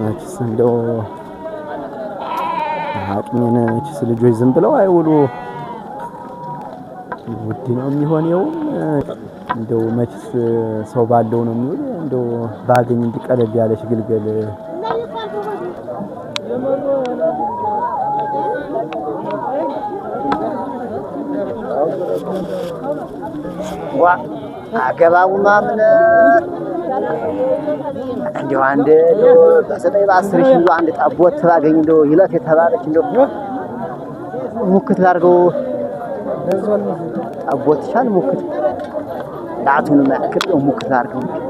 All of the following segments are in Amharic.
መችስ እንደው አቅሜን መችስ ልጆች ዝም ብለው አይውሉ ውድ ነው የሚሆን የውም እንደው መችስ ሰው ባለው ነው የሚውል። እንደው ባገኝ እንዲቀለል ያለች ግልገል ዋ አገባቡ ማምነት እንዲሁ አንድ በዘጠኝ በአስር ሺህ አንድ ጠቦት ባገኝ እንደው ይለት የተባለች እንደው ሙክት ላድርገው ጠቦት ይሻል ሙክት ዳቱን ማክል ሙክት ላድርገው ነው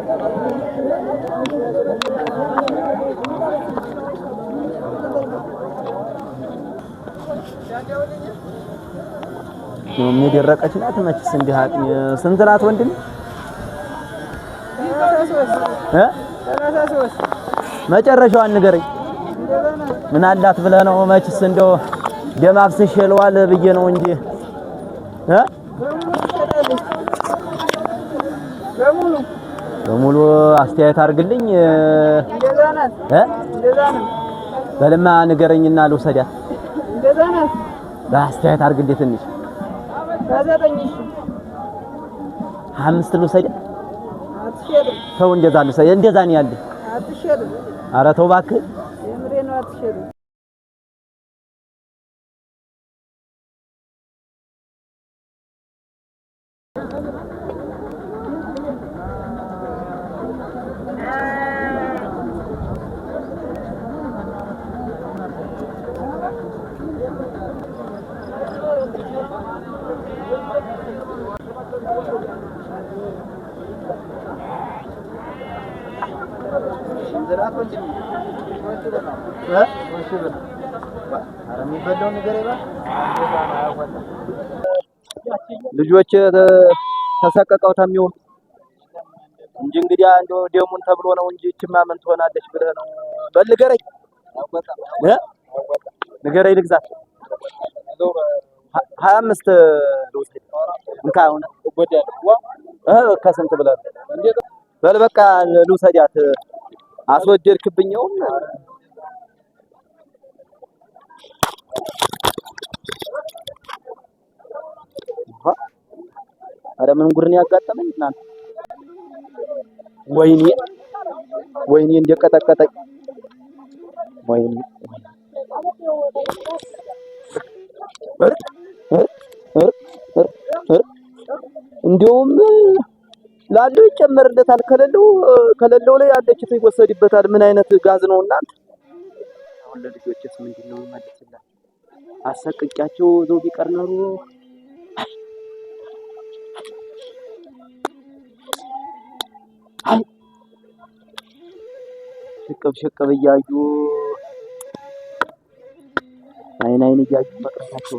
ናት። መችስ እንዲህ ስንት ናት ወንድም መጨረሻዋን ንገረኝ። ምን አላት ብለህ ነው? መችስ እንደው ደም አፍስሼ እለዋል ብዬ ነው እንጂ በሙሉ አስተያየት አድርግልኝ። በልማ ንገረኝና ልውሰዳት። አስተያየት አድርግልኝ ትንሽ አምስት ልውሰዳት ሰው እንደዛ ነው እንደዛ ነው ያለ። ኧረ ተው እባክህ። ልጆች ተሰቀቀው ተሚሆኑ እንጂ እንግዲህ አንዱ ደሙን ተብሎ ነው እንጂ እችማ ምን ትሆናለች ብለህ ነው። በል ንገረኝ ልግዛት ሀያ አምስት እንካ አሁን ከስንት ብለህ በል በቃ ልውሰዳት አስወደድክብኛውም አረ ምን ጉድ ነው ያጋጠመኝ? እናንተ ወይኔ ወይኔ እንደቀጠቀጠኝ ወይኔ እንደውም ላለው ይጨመርለታል፣ ከሌለው ከሌለው ላይ አንደች ይወሰድበታል። ምን አይነት ጋዝ ነው እናንተ? አሁን ለልጆችስ ምንድን ነው መልስላቸው? አሰቅቂያቸው ዘው ቢቀር ነው ሽቅብ ሽቅብ እያዩ አይን አይን እያዩ መቅረታቸው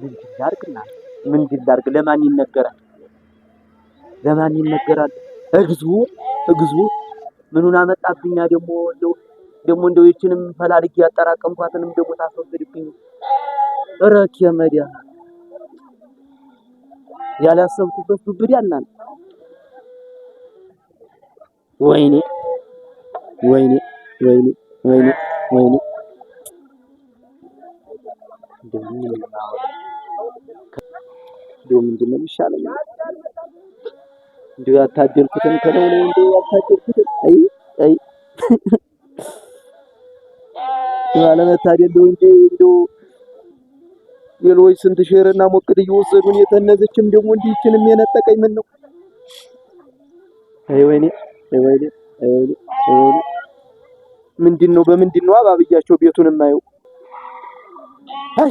ምንድን ላድርግና ምንድን ላድርግ ለማን ይነገራል? ለማን ይነገራል? እግዚኦ እግዚኦ! ምኑን አመጣብኛ ደግሞ እንደው ደግሞ እንደው ይችንም ፈላልጌ ያጠራቀምኳትንም ደግሞ ታስወግድብኝ። እረክ የመዲያ ያላሰብኩበት ዱብድ ያልናል። ወይኔ ወይኔ ወይኔ ወይኔ ወይኔ እንደምን ነው ምንድን ነው የሚሻለው? እንዲሁ ያታደልኩትን ከለው ነው እንዴ ያታደልኩትን አይ አይ ባለመታደል ነው እንጂ እንዲሁ ሌሎች ስንት ሼርና ሞቅት እየወሰዱን የተነዘችም ደግሞ እንዲችንም የነጠቀኝ ምን ነው? አይ ወይኔ አይ ወይኔ አይ ወይኔ አይ ወይኔ ምንድን ነው በምንድን ነው አባብያቸው ቤቱን የማየው? አይ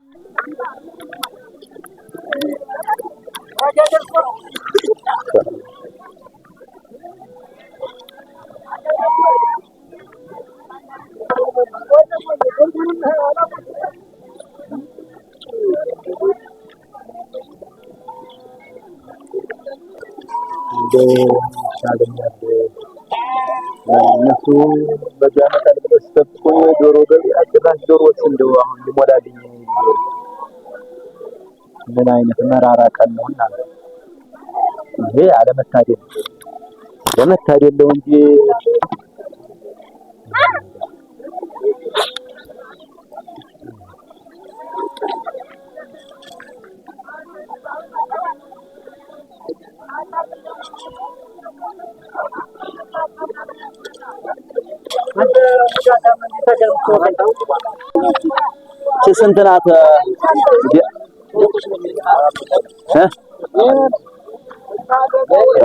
ታገኛለህ። እነሱ በዚያ መጠን ብለህ ስጠብቁኝ ዶሮ ገቢ አገዛዝ ዶሮዎች እንደው አሁን ሊሞላልኝ ምን አይነት መራራ ቀን ነው እናንተ! ይሄ አለመታደል ለመታደል ነው እንጂ ስንት ናት?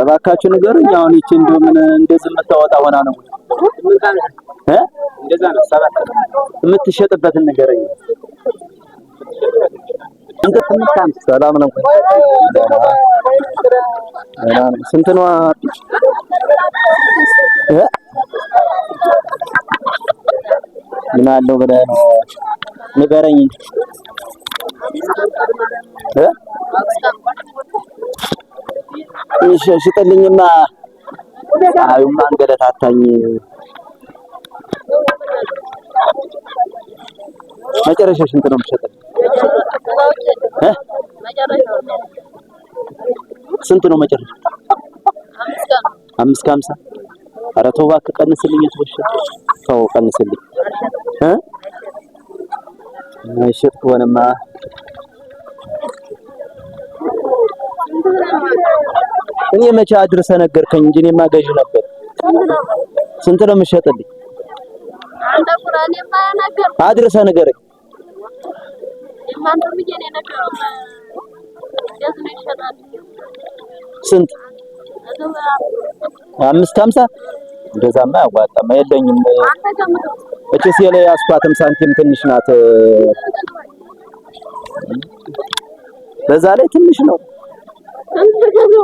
እባካችሁ ንገሩኝ። አሁን ይቺ እንደው ምን እንደዚህ የምታወጣ ሆና ነው የምትሸጥበትን ንገረኝ። ሰላም ነው። ስንት ነው? ምን አለው ብለህ ነው? ንገረኝ እንጂ እሺ፣ ሽጥልኝና አዩማ አንገለታታኝ። መጨረሻ ሽንት ነው የምትሸጠኝ? ስንት ነው መጨረሻ? አምስት ከሀምሳ ኧረ ተው እባክህ ቀንስልኝ። ተው ቀንስልኝ ማይሸጥ ከሆነማ እኔ መቼ አድርሰ ነገርከኝ እንጂ እኔማ ገዢ ነበር። ስንት ነው የምትሸጥልኝ? አድርሰ ንገረኝ። ስንት? አምስት ከሀምሳ እንደዛማ ያዋጣማ የለኝም እቺስ ሲለ ያስኳትም ሳንቲም ትንሽ ናት። በዛ ላይ ትንሽ ነው። ትልቁ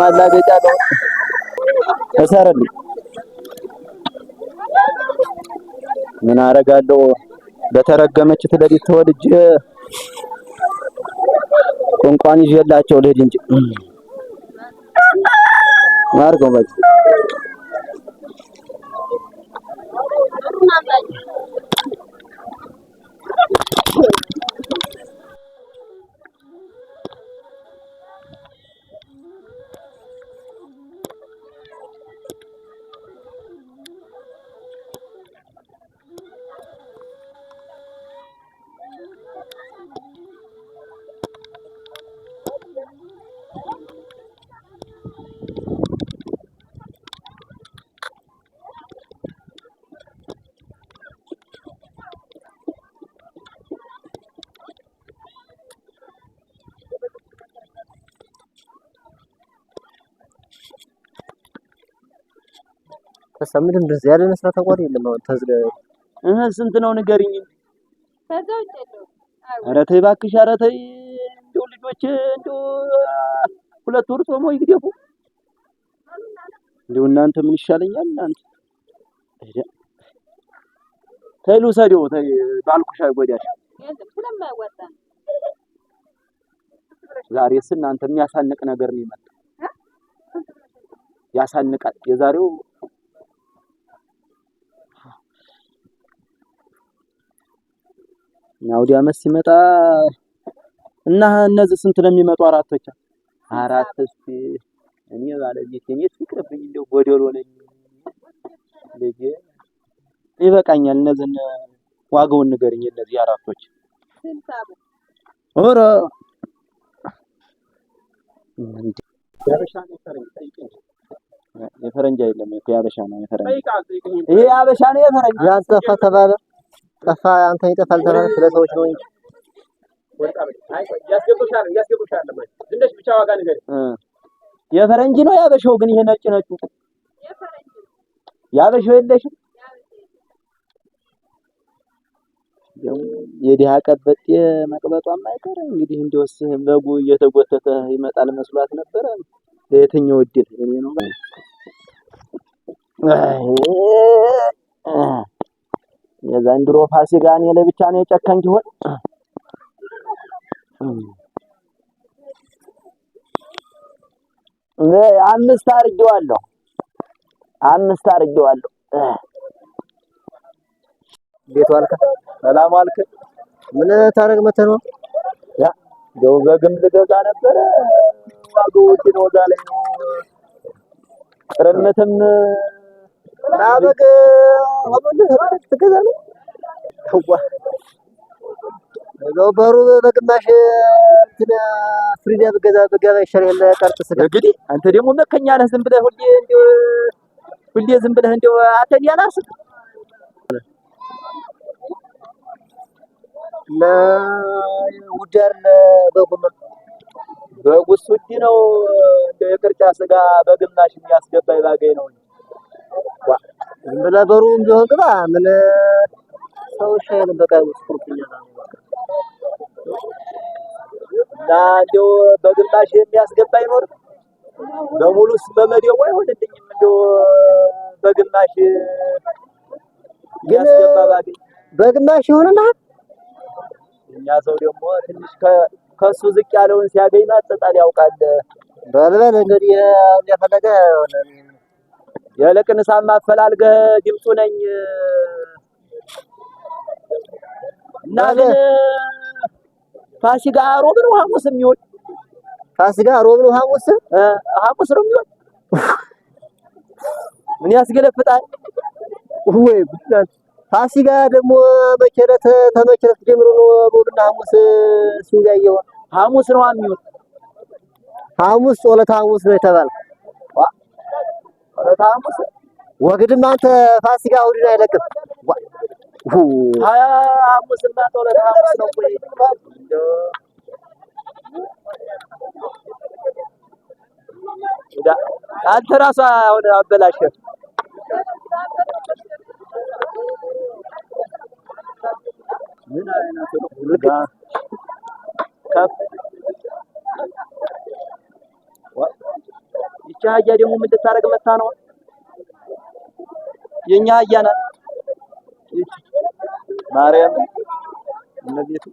ማላገጫ ነው። እሰርልኝ ምን አደርጋለሁ? በተረገመች ትለዲት ተወልጄ ቁንቋን ይዤላቸው ልሂድ እንጂ நல்லா இருக்கும் பாய்ச்சி ከዛ ምንም እንደዚህ ያለ ስራ ተቋር የለም። አሁን ተዝለ እህ ስንት ነው ንገሪኝ። ኧረ ተይ እባክሽ፣ ኧረ ተይ። እንደው ልጆች እንደው ሁለት ወር ጾሞ ይግደፉ። እንደው እናንተ ምን ይሻለኛል? እናንተ ተይ ልውሰደው፣ ተይ ባልኩሽ አይጎዳሽ። ዛሬስ እናንተ የሚያሳንቅ ነገር ነው የመጣው። ያሳንቃል የዛሬው አውዲ አመት ሲመጣ እና እነዚህ ስንት ነው የሚመጡ? አራቶች አራት። እስቲ እኔ ባለቤት እኔ ይቅርብኝ፣ እንደው ጎደሎ ነኝ ልጅ ይበቃኛል። እነዚህን ዋጋውን ንገርኝ። እነዚህ አራቶች ኧረ የፈረንጅ አይደለም፣ የፈረንጅ ይሄ አበሻ ነው። የፈረንጅ ያንተ ከተባለ ጠፋ አንተ ይጠፋል ተባለ ስለ ሰዎች ነው እንጂ የፈረንጅ ነው ያበሻው። ግን ይሄ ነጭ ነጩ ያበሻው የለሽም። የድሃ ቀበጤ መቅበጧም አይቀር እንግዲህ እንዲወስ በጉ እየተጎተተ ይመጣል መስሏት ነበረ። ለየትኛው እድል እኔ ነው የዘንድሮ ፋሲካ እኔ ለብቻ ነው የጨከንክ ይሆን? አምስት አድርጌዋለሁ። አምስት አድርጌዋለሁ። ቤቱ አልክ፣ ሰላም አልክ። ምን ታረግ መተህ ነው? ያ ደው በግም ልገዛ ነበረ ዋጋው ነው። እዛ ላይ ነው ቅርምትም በግ ትገዛ ነው። በሩ በግማሽ ፍሪዳ ስጋ እንግዲህ አንተ ደግሞ መከኛ ነህ። ዝም ብለህ ሁሌ እንደው ሁሌ ዝም ብለህ እንደው አተን ያላስብ እና ውዳር በጉማ በጉስ ውድ ነው። እንደው የቅርጫ ስጋ በግማሽ የሚያስገባ ባገኝ ነው። ዝም ብለህ በሩም ቢሆን ግባ። ምን ሰው ሻይን በቃ እና በግማሽ የሚያስገባ አይኖርም። በሙሉስ በመደቡ አይሆንልኝም። እንደው በግማሽ በግማሽ እኛ ሰው ደግሞ ትንሽ ከሱ ዝቅ ያለውን ሲያገኝ ማጠጣል ያውቃል። በልበል እንግዲህ እንደፈለገ የልቅንሳ ማፈላልገ ድምፁ ነኝ እና ግን ፋሲካ ሮብ ነው ሐሙስ የሚሆን ፋሲካ ሮብ ነው ሐሙስ ሐሙስ ነው የሚሆን ምን ያስገለፍጣል ወይ ብቻ ፋሲካ ደግሞ መቼለት ተመቼለት ጀምሮ ነው ሮብና ሐሙስ ሲያየው ሐሙስ ነው የሚሆን ሐሙስ ጾለታ ሐሙስ ነው የተባለው ወግድም አንተ ፋሲካ እሑድን አይለቅም። አንተ ራሷ አሁን አበላሸ። ምን እቺ አህያ ደግሞ ምን ልታረግ መታ ነው? የኛ አህያ ናት። ማርያም እነዚህ